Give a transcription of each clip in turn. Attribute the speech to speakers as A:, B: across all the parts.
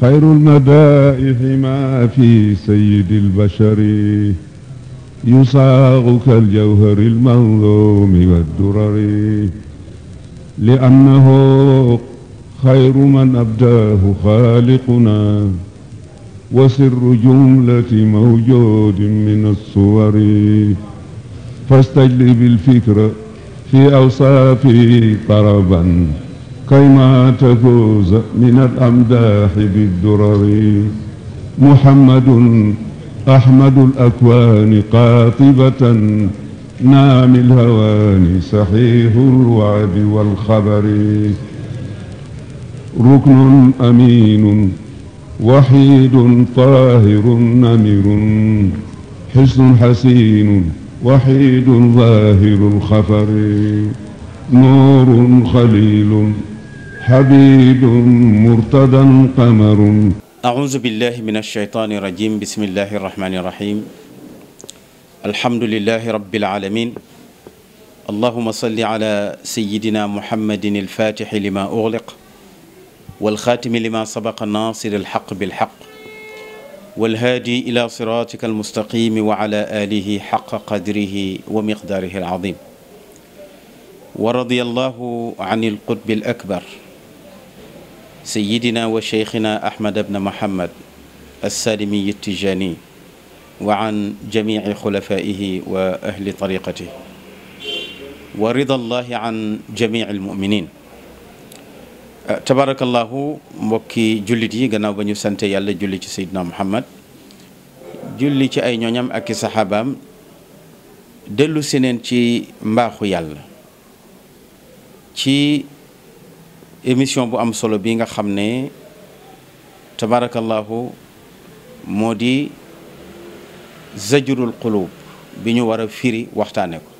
A: خير المدائح ما في سيد البشر يصاغ كالجوهر المنظوم والدرر لأنه خير من أبداه خالقنا وسر جملة موجود من الصور فاستجلب الفكر في أوصافه طربا كيما تجوز من الأمداح بالدرر محمد أحمد الأكوان قاطبة نام الهوان صحيح الوعد والخبر ركن أمين وحيد طاهر نمر حسن حسين وحيد ظاهر الخفر نور خليل حبيب مرتدا قمر
B: أعوذ بالله من الشيطان الرجيم بسم الله الرحمن الرحيم الحمد لله رب العالمين اللهم صل على سيدنا محمد الفاتح لما أغلق والخاتم لما سبق الناصر الحق بالحق والهادي إلى صراطك المستقيم وعلى آله حق قدره ومقداره العظيم ورضي الله عن القطب الأكبر سيدنا وشيخنا أحمد بن محمد السالمي التجاني وعن جميع خلفائه وأهل طريقته ورضا الله عن جميع المؤمنين tabarakallahu mbokki jullit yi gannaaw ba ñu sante yàlla julli ci seydina muhammad julli ci ay ñooñam ak i saxaabaam dellu si neen ci mbaaxu yàlla ci émission bu am solo bi nga xam ne tabarakallahu moo di zajrul qulub bi ñu war a firi waxtaane ko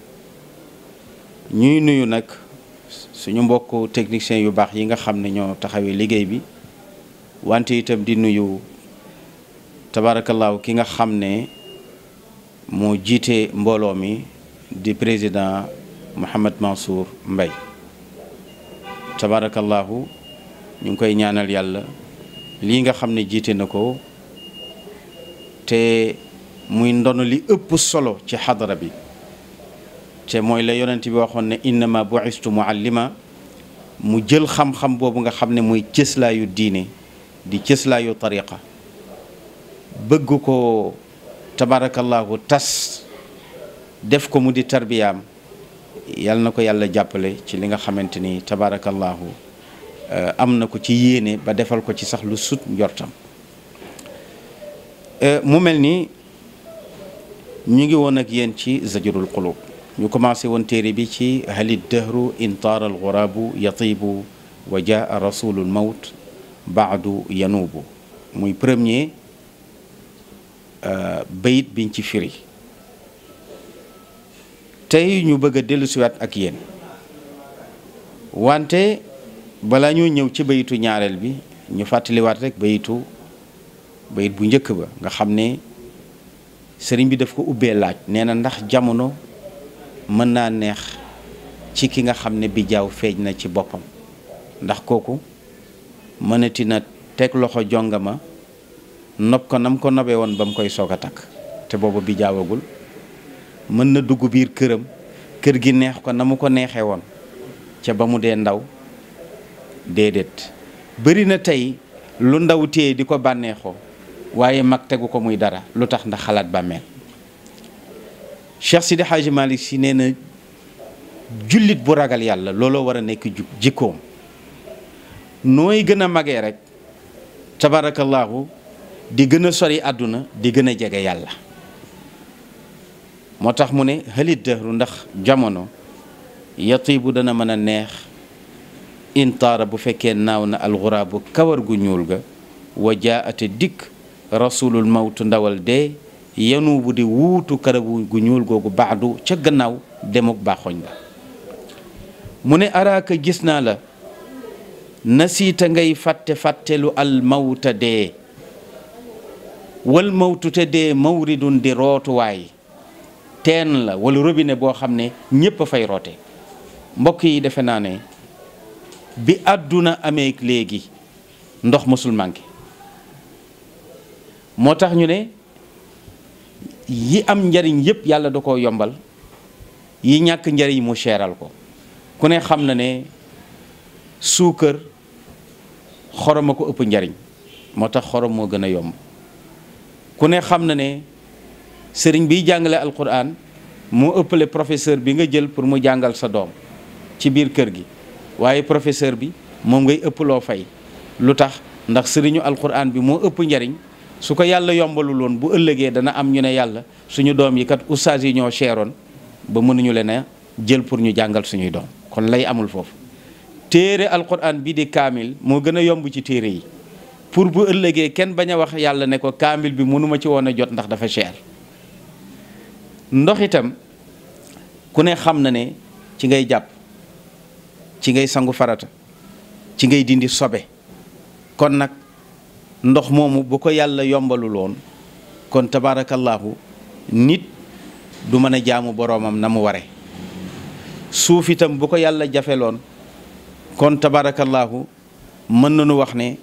B: ñuy nuyu nag suñu mbokk techniciens yu baax yi nga xam ne ñoo taxawee liggéey bi wante itam di nuyu tabarakallahu ki nga xam ne moo jiitee mbooloo mi di président Mouhamed Mansour mbay tabaarakallaahu ñu ngi koy ñaanal yàlla lii nga xam ne jiite na ko te muy ndono li ëpp solo ci xadara bi te mooy la yonent bi waxoon ne innama bu'istu muallima mu jël xam-xam boobu nga xam ne mooy cëslaayu diine di cëslaayu tariqa bëgg ko tabaarakallaahu tas def ko mu di tarbiyaam yal na ko yàlla jàppale ci li nga xamante ni tabaarakallaahu euh, am na ko ci yéene ba defal ko ci sax lu sut njortam euh, mu mel ni ñu ngi woon ak yéen ci zajrul qulub ñu commencé woon téere bi ci halid dëhru in taara al guraabu yatibu wa jaa rasulul mawt baadu yanuubu muy premier euh, bayit biñ ci firi tey ñu bëgg a dellusiwaat ak yéen wante balaa ñuy ñëw ci bayitu ñaareel bi ñu fàttaliwaat rekk bayitu bayit bu njëkk ba nga xam ne sëriñ bi daf ko ubbee laaj nee na ndax jamono mën naa neex ci ki nga xam ne bijaaw feeñ na ci boppam ndax kooku mënati na teg loxo jongama nopp ko nam ko nobee woon ba mu koy soog a takk te boobu bijaawagul mën na dugg biir këram kër gi neex ko na mu ko neexee woon ca ba mu dee ndaw déedéet bëri na tey lu ndaw téye di ko bànneexoo waaye mag tegu ko muy dara lu tax ndax xalaat bàmmeel Cheikh Sidi Hadji Malick Sy nee na jullit bu ragal yàlla looloo war a nekk jikkoom nooy gën a magee rek tabaarakallaahu di gën a sori àdduna di gën a jege yàlla moo tax mu ne xëlit dëhru ndax jamono yatiibu dana mën a neex intaara bu fekkee naaw na alxuraabu kawar gu ñuul ga wa jaate dikk rasulul mawtu ndawal dee yanu bu di wuutu karabu gu ñuul googu baadu ca gannaaw demuk baaxoñ la mu ne araaka gis naa la nasiita ngay fàtte fàttelu al mawta dee wal mawtu te dee mawridun di rootuwaay teen la wala robine boo xam ne ñëpp a fay roote mbokk yi defe naa ne bi àdduna amee léegi ndox mësul manqué moo tax ñu ne yi am njariñ yépp yàlla da koo yombal yi ñàkk njariñ mu seeral ko ku ne xam na ne suukar xorom a ko ëpp njariñ moo tax xorom moo gën a yomb ku ne xam na ne sëriñ biy jàngale alquran moo ëppale professeur bi nga jël pour mu jàngal sa doom ci biir kër gi waaye professeur bi moom ngay ëpp loo fay lu tax ndax sëriñu alquran bi moo ëpp njariñ su ko yàlla yombalu loon bu ëllëgee dana am ñu ne yàlla suñu doom yi kat oustaz yi ñoo seeroon ba mënuñu leen jël pour ñu jàngal suñuy doom kon lay amul foofu téere alquran bii di kaamil moo gën a yomb ci téere yi pour bu ëllëgee kenn bañ a wax yàlla ne ko kaamil bi mënuma ci woon a jot ndax dafa cher ndox itam ku ne xam na ne ci ngay jàpp ci ngay sangu farata ci ngay dindi sobe kon nag ndox moomu bu ko yàlla yombaluloon woon kon tabaarakallaahu nit du mën a jaamu boroomam na mu ware suuf itam bu ko yàlla jafeloon kon tabaarakallaahu mën nañu wax ne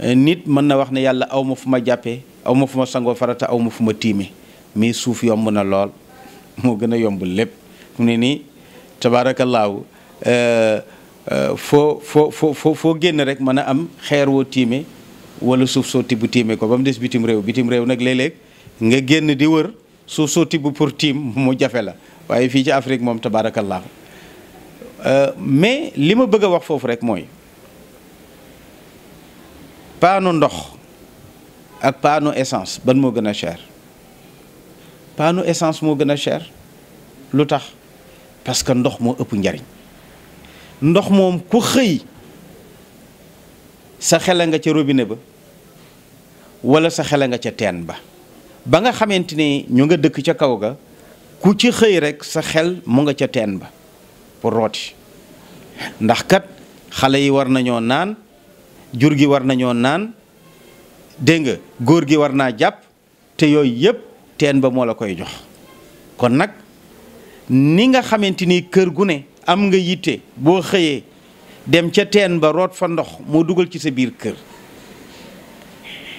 B: eh, nit mën na wax ne yàlla aw ma fu ma jàppee aw ma fu ma sangoo farata aw ma fu ma tiime mais suuf yomb na lool moo gën a yomb lépp mu ne nii tabaarakallaahu euh, euh, foo foo foo foo génn rek mën a am xeer woo tiime wala suuf soo tibb tiime ko ba mu des bitim réew bitim réew nag léeg-léeg nga génn di wër suuf soo tibb pour tiim mu jafe la waaye fii ci Afrique moom tabaarakallaahu euh, mais li ma bëgg a wax foofu rek mooy paanu ndox ak paanu essence ban moo gën a cher. paanu essence moo gën a cher lu tax parce que ndox moo ëpp njariñ ndox moom ku xëy sa xela nga ca robine ba wala sa xela nga ca teen ba ba nga xamante ni ñu nga dëkk ca kaw ga ku ci xëy rek sa xel mu nga ca teen ba pour rooti ndax kat xale yi war nañoo naan jur gi war nañoo naan dégg nga góor gi war naa jàpp te yooyu yëpp teen ba moo la koy jox kon nag ni nga xamante ni kër gu ne am nga yitte boo xëyee dem ca teen ba root fa ndox moo dugal ci sa biir kër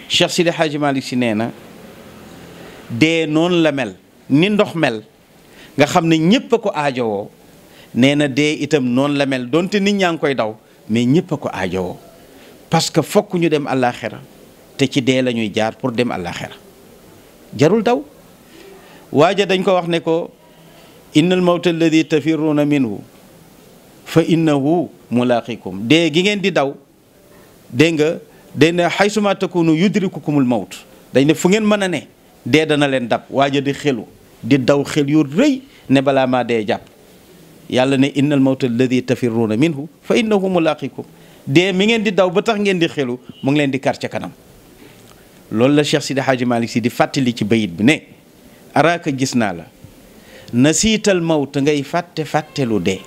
B: Cheikh Sidi Hadji Malick si nee na dee noonu la mel ni ndox mel nga xam ne ñépp ko aajowoo nee na dee itam noonu la mel donte nit ñaa ngi koy daw mais ñépp ko aajowoo parce que fokk ñu dem àllaaxira te ci dee lañuy jaar pour dem àllaaxira jarul daw waja dañ ko wax ne ko innal mawt alladhi tafiruna minhu fa innahu mulaqikum de gi ngeen di daw de nga de ne xaysuma takunu yudrikukumul mawt dañ ne fu ngeen mën ne de dana len dab waja di xelu di daw xel yu rëy ne bala ma de jàpp yàlla ne innal mawt alladhi tafiruna minhu fa innahu mulaqikum de mi ngeen di daw ba tax ngeen di xelu mo ngi len di kar ci kanam lol la Cheikh Sidi Hadji malik Sy di ci bayit bi ne araaka gis naa la na siital mawt ngay fàtte fàtte lu dee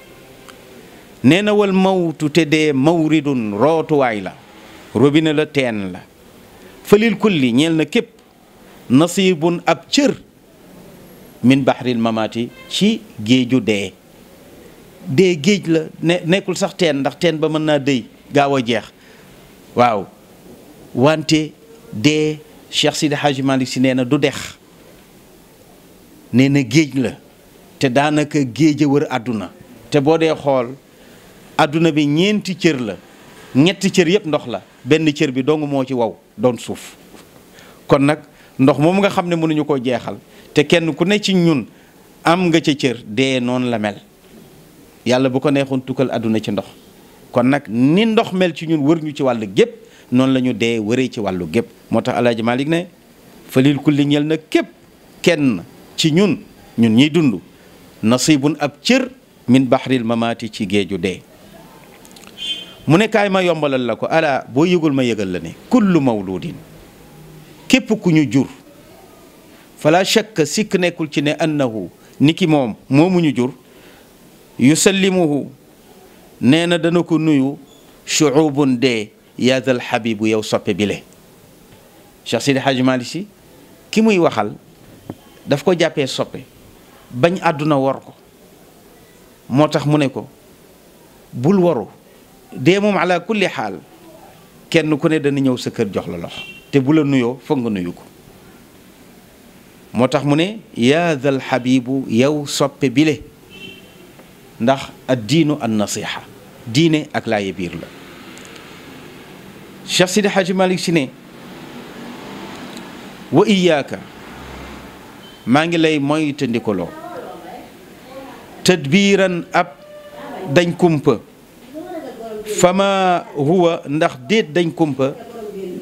B: nee na wal mawtu te dee mawridun rootuwaay la robine la teen la fëlil kulli ñeel na képp nasibun ab cër min bahril mamaati ci géeju dee dee géej la nekkul sax teen ndax teen ba mën naa dëy gaaw a jeex waaw wante dee Cheikh Sidi Hadji Malick si nee na du dex neena géej la te daanaka géej wër àdduna te boo dee xool àdduna bi ñeenti cër la ñetti cër yëpp ndox la benn cër bi dongu moo ci waw doon suuf kon nag ndox moom nga xam ne mënuñu koo jeexal te kenn ku ne ci ñun am nga ca cër dee noonu la mel yàlla bu ko neexoon tukkal àdduna ci ndox kon nag ni ndox mel ci ñun wër ñu ci wàll gépp noonu lañu ñu dee wëree ci wàllu gépp moo tax alaaji Malik ne fëlil ku ñel na képp kenn ci ñun ñun ñiy dund nasibun ab cër min bahril mamaati ci géeju de mu ne kaay ma yombalal la ko ala boo yëgul ma yëgal la ne kullu mawludin képp ku ñu jur fala shakka sikk nekkul ci ne annahu ni ki moom moomu ñu jur yusallimuhu nee na dana ko nuyu shuubun dee yaadal xabibu yow soppe bile Cheikh Sidi Hadj Malick Si ki muy waxal daf ko jappé soppe bañ aduna wor ko motax muné ko bul woro demum ala kulli hal kenn ku ne dañ ñëw sa kër jox la lox te bu la nuyo fa nga nuyu ko motax muné ya zal habib yow soppe bile ndax ad diinu an nasiha diine ak la yebir la Cheikh Sidi Hadji malik sine wa iyyaka maa ngi lay moytandikuloo tadbiiran ab dañ kumpa fama huwa ndax déet dañ kumpa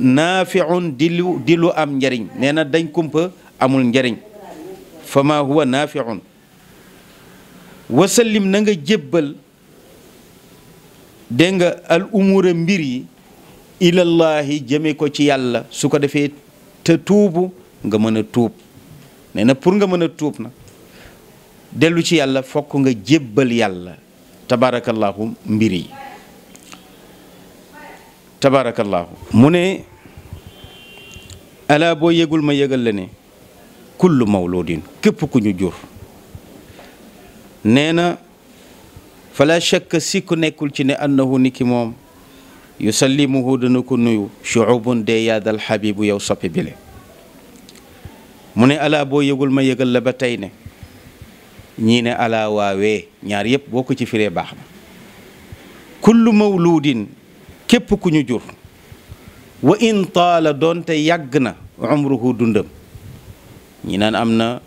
B: naafiun di lu am njariñ nee na dañ kumpa amul njariñ fama huwa naafiun wasallim na nga jébbal dénga nga al umura mbir yi ilallaahi jëme ko ci yàlla su ko defee te tuubu nga mën a tuub nee na pour nga mën a tuub na dellu ci yàlla fokk nga jébbal yàlla tabaarakallaahu mbir yi tabaarakallaahu mu ne alaa yëgul ma yëgal la ne kullu mawludin képp ku ñu jur nee na fala shakka sikku nekkul ci ne annahu niki moom yusallimuhu dana ko nuyu shuubun dee yaadal xabibu yow soppi bile mu ne alaa boo yëgul ma yëgal la ba tey ne ñii ne alaa waawee ñaar yépp boo ko ci firee baax na kullu mawluudin képp ku ñu jur wa in taala doonte yàgg na umruhu dundam ñi naan am na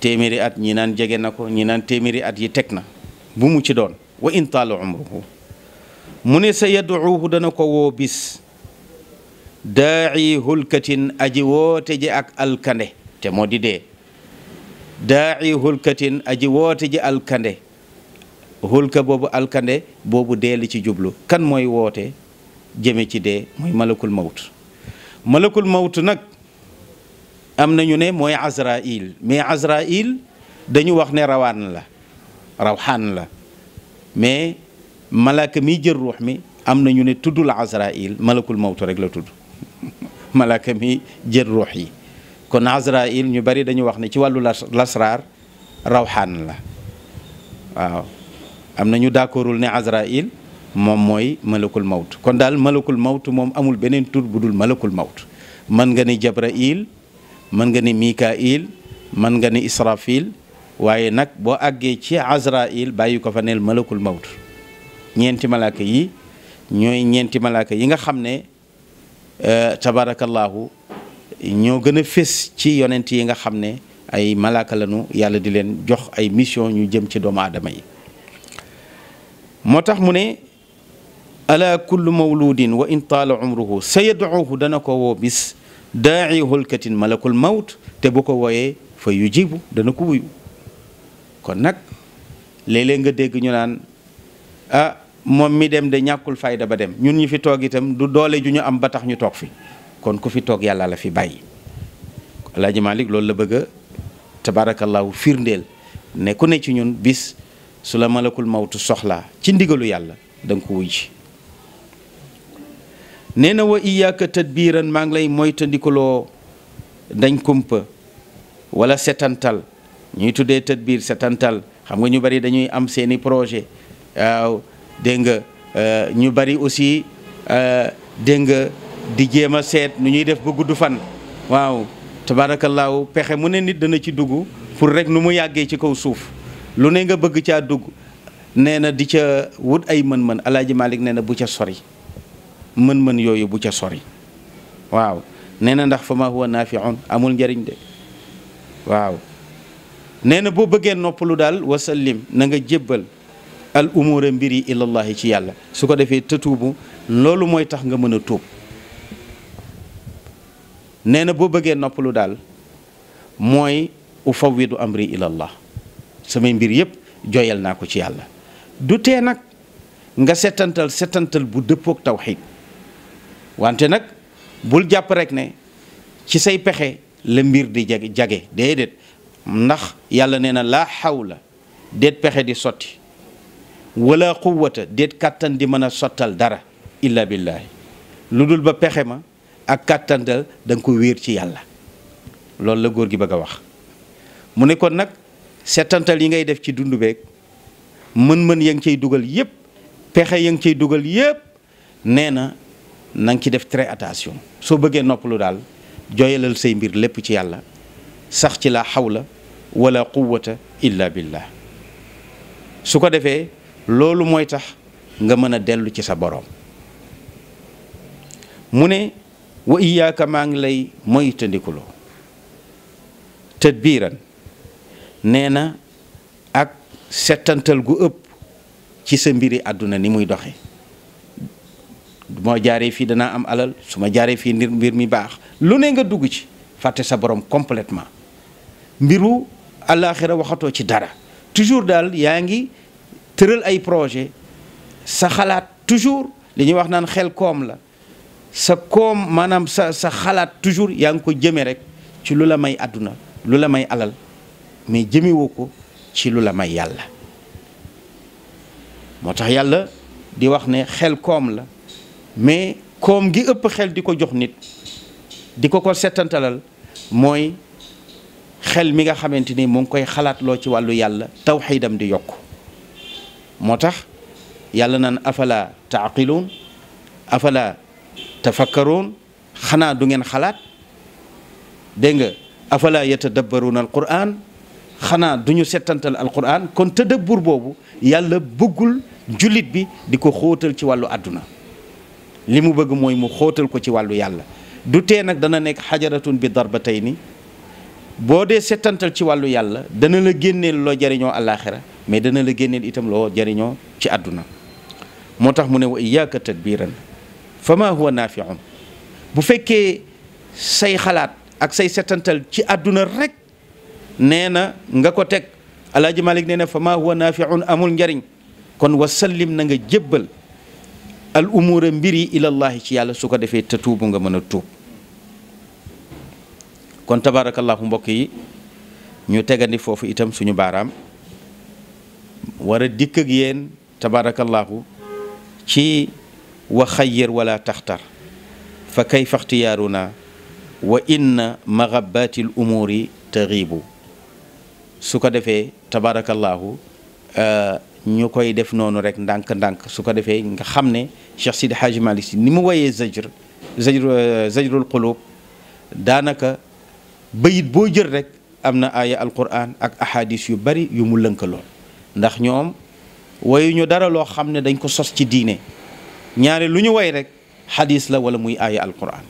B: téeméeri at ñi naan jege na ko ñi naan téeméeri at yi teg na bu ci doon wa in taala umruhu mu ne sa yaduuhu dana ko woo bis daaci hulkatin aji woote ji ak alkande te moo di dee daaci hulkatin aji woote ji alkande hulka boobu alkande boobu dee li ci jublu kan mooy woote jëme ci dee mooy malakul mawt malakul nag am nañu ne mooy azrail mais azrail dañu wax ne rawaan la rawxaan la mais malaka mii jël ruux mi am nañu ne tuddul azrail malakul mawt rek la tudd malaaka mi jël ruux yi kon Azraïl ñu bari dañu wax ne ci wàllu lasraar rawxaan la waaw am na ñu d'accordul ne Azraïl moom mooy malakul mawt kon daal malakul mawt moom amul beneen tur bu dul malakul mawt mën nga ni Jabraïl mën nga ni Mikaïl mën nga ni Israfil waaye nag boo àggee ci Azraïl bàyyi ko fa neel malakul mawt ñeenti malaaka yi ñooy ñeenti malaaka yi nga xam ne Eh, tabaarakallaahu ñoo gën a fés ci yonent yi nga xam ne ay malaaka lañu yàlla di leen jox ay mission ñu jëm ci doomu aadama yi moo tax mu ne ala kullu mawludin wa in taala umruhu sa yadcuuhu dana ko woo bis daaci holkatin malakul mawt te bu ko wooyee fa yu yujibu dana ko wuyu kon nag léeg nga dégg ñu naan ah, moom mi dem de ñàkkul fayda ba dem ñun ñi fi toog itam du doole ju ñu am ba tax ñu toog fi kon ku fi toog yàlla la fi bàyyi Alaaji Malik loolu la bëgg a tabaarakallaahu firndeel ne ku ne ci ñun bis su la malakul mawtu soxlaa ci ndigalu yàlla da nga wuy ci nee na wa iyaaka maa ngi lay moyta moytandikuloo dañ kumpa wala setantal ñuy tuddee tadbiir setantal xam nga ñu bari dañuy am seeni projet waaw dégg nyubari eh, ñu bari aussi eh, dégg di jema set seet nu ñuy def ba fan waaw tabaarakallaahu pexe mu ne nit dana ci dugg pour rek nu mu yàggee ci kaw suuf lu ne nga bëgg caa dugg nee na di ca wut ay mën bu ca sori mën-mën yooyu bu ca sori waaw nee ndax fa huwa naafiun amul njariñ de waaw nee na boo bëggee noppalu wasallim na nga al umura mbir yi ilallahi ci yàlla su ko defee te tuubu loolu mooy tax nga mën a tuub nee na boo bëggee noppalu daal mooy ufawidu amri ilallah samay mbir yëpp jooyal naa ko ci yàlla du tee nag nga setantal setantal bu dëppook tawxiid wante nag bul jàpp rek ne ci say pexe la mbir di jage jage déedéet ndax yàlla nee na laa xawla déet pexe di sotti wala quwwata déet kàttan di mën a sottal dara illa billaahi lu dul ba pexe ma ak kàttantal danga nga ko wéer ci yàlla loolu la góor gi bëgg a wax mu ne kon nag setantal yi ngay def ci dund beeg mën-mën ya ngi cay dugal yépp pexe ya ngi cay dugal yépp nee na na nga ci def très attention soo bëggee noppalu daal joyalal say mbir lépp ci yàlla sax ci la xawla wala quwwata illa billah su ko defee loolu mooy tax nga mën a dellu ci sa boroom mu ne wa iyaaka maa ngi lay moytandikuloo tadbiiran nee na ak settantal gu ëpp ci sa mbiri àdduna ni muy doxe moo jaaree fii danaa am alal su ma jaaree fii mbir mi baax lu ne nga dugg ci fàtte sa boroom completement mbiru àllaaxira waxatoo ci dara toujours daal yaa ngi tëral ay projet sa xalaat toujours li ñuy wax naan xel koom la sa koom maanaam sa sa xalaat toujours yaa ngi ko jëmee rek ci lu la may àdduna lu la may alal mais jëmewoo ko ci lu la may yàlla moo tax yàlla di wax ne xel koom la mais koom gi ëpp xel di ko jox nit di ko ko setantalal mooy xel mi nga xamante ni mu ngi koy xalaat loo ci wàllu yàlla tawxiidam di yokk moo tax yàlla naan afala taaqiluun afala tafakkaruun xanaa du ngeen xalaat dégg nga afala yatadabbaruuna alquran xanaa du ñu settantal alquran kon tëdëbbur boobu yàlla bëggul jullit bi di ko xóotal ci wàllu àdduna li mu bëgg mooy mu xóotal ko ci wàllu yàlla du tee nag dana nekk xajaratun bi nii boo dee settantal ci wàllu yàlla dana la génneel loo jariñoo àllaaxira mais dana la génneel itam loo jariñoo ci àdduna moo tax mu ne wa iyaaka tadbiran fa ma huwa naafiun bu fekkee say xalaat ak say setantal ci àdduna rek nee na nga ko teg alaaji malik nee na fa ma huwa naafiun amul njariñ kon wasallim na nga jébbal al umura mbiri ilallahi ci yàlla su ko defee te tuubu nga mën a tuub kon tabaarakallahu mbokk yi ñu tegandi foofu itam suñu baaraam wara dik ak yéen tabaarakallaahu ci wa khayr wala taxtar fa kayfa ikhtiyaruna wa inna maghabati al umuri taghib su ko defee tabaarakallaahu ñu koy def nonu rek ndànk-ndànk su ko defee nga xamné Cheikh Sidi haji Malick Sy ni mu woyee zajr zajr zajrul qulub danaka bayit bo jeur rek amna aya al qur'an ak ahadith yu bari yu mu lënkaloo ndax ñoom ñu dara lo xamne dañ ko sos ci diine ñaare luñu way rek hadith la wala muy aaya alquran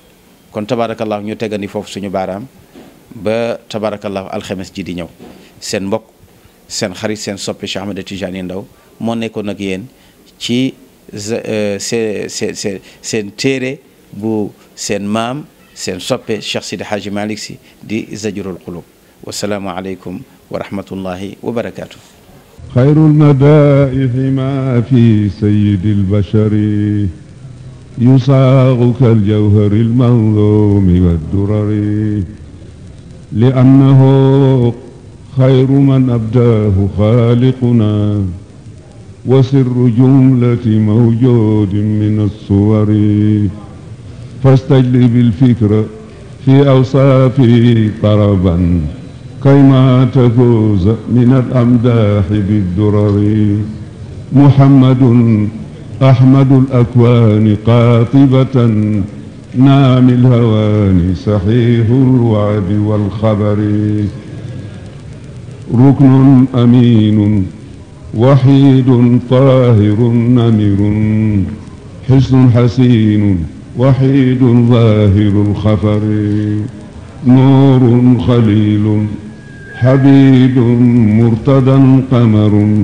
B: kon tabarakallah ñu tegani fofu suñu baram ba tabarakallah alkhamis ji di ñëw sen mbok sen xarit sen soppi Cheikh Ahmed Tidiane ndaw mo nekkon ak yéen ci sen téré bu sen mam sen soppe Cheikh Sidi haji malik si di zajrul qulub wasalaamu aleykum wa rahmatullahi wa barakaatu.
A: خير المدائح ما في سيد البشر يصاغ كالجوهر المنظوم والدرر لأنه خير من أبداه خالقنا وسر جملة موجود من الصور فاستجلب الفكر في أوصافه طربا كيما تجوز من الأمداح بالدرر محمد أحمد الأكوان قاطبة نام الهوان صحيح الوعد والخبر ركن أمين وحيد طاهر نمر حسن حسين وحيد ظاهر الخفر نور خليل حبيب مرتدى قمر